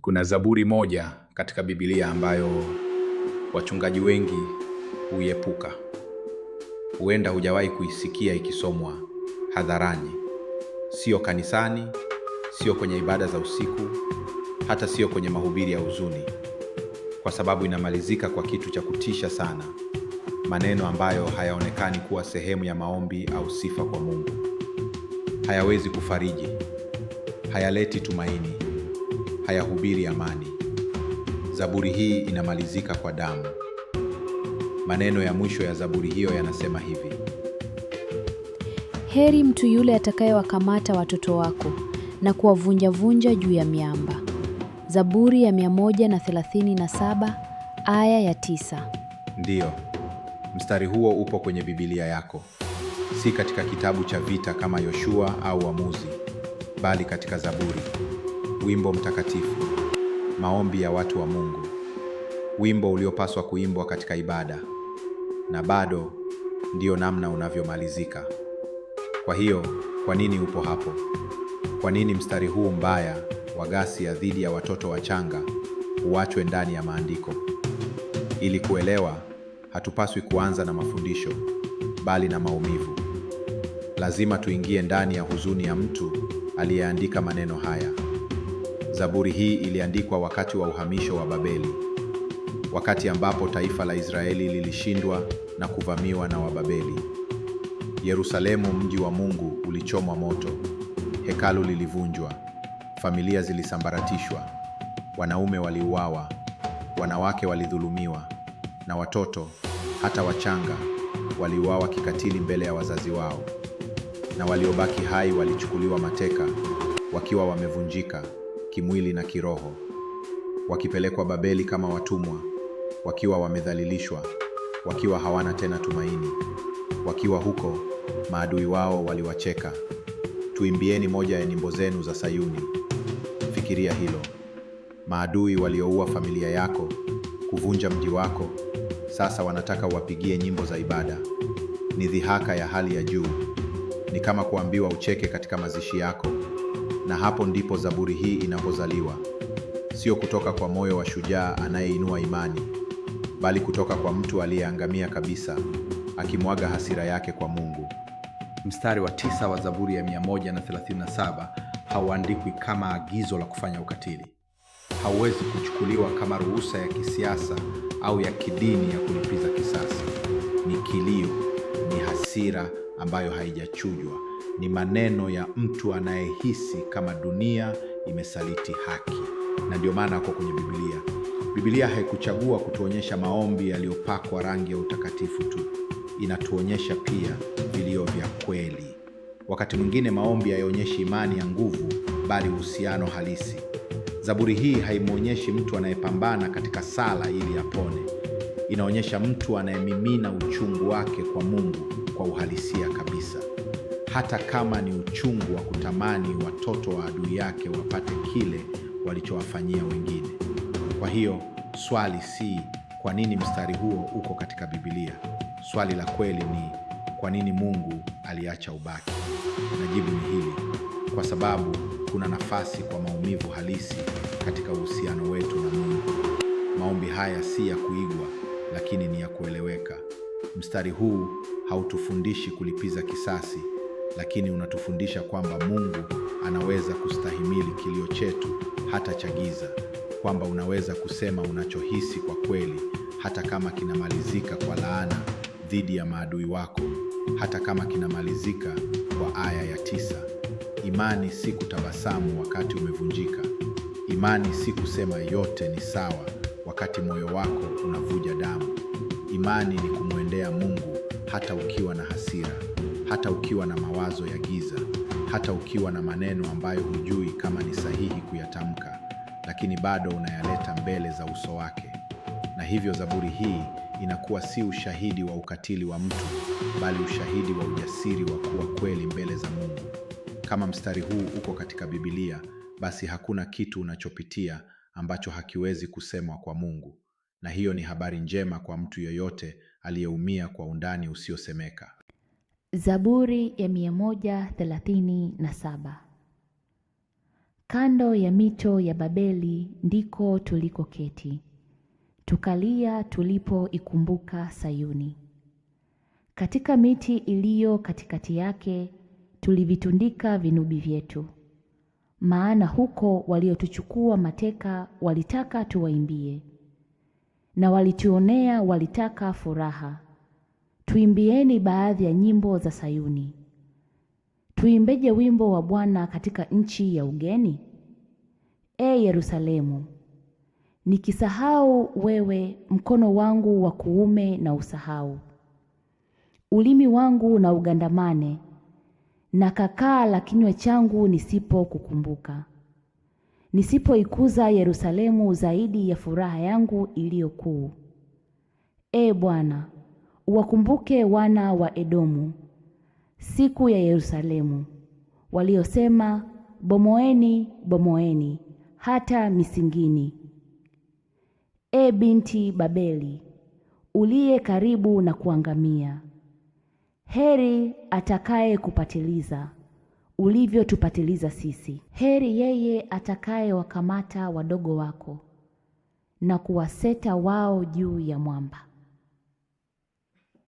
Kuna Zaburi moja katika Biblia ambayo wachungaji wengi huiepuka. Huenda hujawahi kuisikia ikisomwa hadharani, sio kanisani, sio kwenye ibada za usiku, hata sio kwenye mahubiri ya huzuni, kwa sababu inamalizika kwa kitu cha kutisha sana, maneno ambayo hayaonekani kuwa sehemu ya maombi au sifa kwa Mungu. Hayawezi kufariji, hayaleti tumaini hayahubiri amani. Zaburi hii inamalizika kwa damu. Maneno ya mwisho ya zaburi hiyo yanasema hivi: heri mtu yule atakayewakamata watoto wako na kuwavunjavunja juu ya miamba. Zaburi ya 137 aya ya 9. Ndiyo, mstari huo upo kwenye bibilia yako, si katika kitabu cha vita kama Yoshua au wamuzi bali katika Zaburi. Wimbo mtakatifu, maombi ya watu wa Mungu, wimbo uliopaswa kuimbwa katika ibada, na bado ndiyo namna unavyomalizika. Kwa hiyo, kwa nini upo hapo? Kwa nini mstari huu mbaya wa gasia dhidi ya watoto wachanga huachwe ndani ya maandiko? Ili kuelewa, hatupaswi kuanza na mafundisho, bali na maumivu. Lazima tuingie ndani ya huzuni ya mtu aliyeandika maneno haya. Zaburi hii iliandikwa wakati wa uhamisho wa Babeli, wakati ambapo taifa la Israeli lilishindwa na kuvamiwa na Wababeli. Yerusalemu, mji wa Mungu, ulichomwa moto, hekalu lilivunjwa, familia zilisambaratishwa, wanaume waliuawa, wanawake walidhulumiwa, na watoto, hata wachanga, waliuawa kikatili mbele ya wazazi wao, na waliobaki hai walichukuliwa mateka wakiwa wamevunjika kimwili na kiroho, wakipelekwa Babeli kama watumwa, wakiwa wamedhalilishwa, wakiwa hawana tena tumaini. Wakiwa huko, maadui wao waliwacheka. Tuimbieni moja ya nyimbo zenu za Sayuni. Fikiria hilo, maadui walioua familia yako, kuvunja mji wako, sasa wanataka uwapigie nyimbo za ibada. Ni dhihaka ya hali ya juu. Ni kama kuambiwa ucheke katika mazishi yako na hapo ndipo zaburi hii inapozaliwa, sio kutoka kwa moyo wa shujaa anayeinua imani, bali kutoka kwa mtu aliyeangamia kabisa, akimwaga hasira yake kwa Mungu. Mstari wa tisa wa Zaburi ya 137 hauandikwi kama agizo la kufanya ukatili, hauwezi kuchukuliwa kama ruhusa ya kisiasa au ya kidini ya kulipiza kisasi. Ni kilio, ni hasira ambayo haijachujwa ni maneno ya mtu anayehisi kama dunia imesaliti haki, na ndio maana ako kwenye Biblia. Biblia haikuchagua kutuonyesha maombi yaliyopakwa rangi ya utakatifu tu, inatuonyesha pia vilio vya kweli. Wakati mwingine maombi hayaonyeshi imani ya nguvu, bali uhusiano halisi. Zaburi hii haimwonyeshi mtu anayepambana katika sala ili apone, inaonyesha mtu anayemimina uchungu wake kwa Mungu kwa uhalisia kabisa hata kama ni uchungu wa kutamani watoto wa adui yake wapate kile walichowafanyia wengine. Kwa hiyo swali si kwa nini mstari huo uko katika bibilia Swali la kweli ni kwa nini Mungu aliacha ubaki? Na jibu ni hili: kwa sababu kuna nafasi kwa maumivu halisi katika uhusiano wetu na Mungu. Maombi haya si ya kuigwa, lakini ni ya kueleweka. Mstari huu hautufundishi kulipiza kisasi lakini unatufundisha kwamba Mungu anaweza kustahimili kilio chetu hata cha giza, kwamba unaweza kusema unachohisi kwa kweli, hata kama kinamalizika kwa laana dhidi ya maadui wako, hata kama kinamalizika kwa aya ya tisa. Imani si kutabasamu wakati umevunjika. Imani si kusema yote ni sawa wakati moyo wako unavuja damu. Imani ni kumwendea Mungu hata ukiwa na hasira hata ukiwa na mawazo ya giza, hata ukiwa na maneno ambayo hujui kama ni sahihi kuyatamka, lakini bado unayaleta mbele za uso wake. Na hivyo Zaburi hii inakuwa si ushahidi wa ukatili wa mtu, bali ushahidi wa ujasiri wa kuwa kweli mbele za Mungu. Kama mstari huu uko katika Biblia, basi hakuna kitu unachopitia ambacho hakiwezi kusemwa kwa Mungu. Na hiyo ni habari njema kwa mtu yeyote aliyeumia kwa undani usiosemeka. Zaburi ya mia moja thelathini na saba. Kando ya mito ya Babeli ndiko tulikoketi tukalia tulipoikumbuka Sayuni. Katika miti iliyo katikati yake tulivitundika vinubi vyetu, maana huko waliotuchukua mateka walitaka tuwaimbie, na walituonea walitaka furaha tuimbieni baadhi ya nyimbo za Sayuni. Tuimbeje wimbo wa Bwana katika nchi ya ugeni? E Yerusalemu, nikisahau wewe, mkono wangu wa kuume na usahau, ulimi wangu na ugandamane na kakaa la kinywa changu nisipokukumbuka, nisipoikuza Yerusalemu zaidi ya furaha yangu iliyo kuu. E Bwana, Uwakumbuke wana wa Edomu siku ya Yerusalemu, waliosema bomoeni, bomoeni hata misingini. E binti Babeli, uliye karibu na kuangamia, heri atakaye kupatiliza ulivyotupatiliza sisi. Heri yeye atakaye wakamata wadogo wako na kuwaseta wao juu ya mwamba.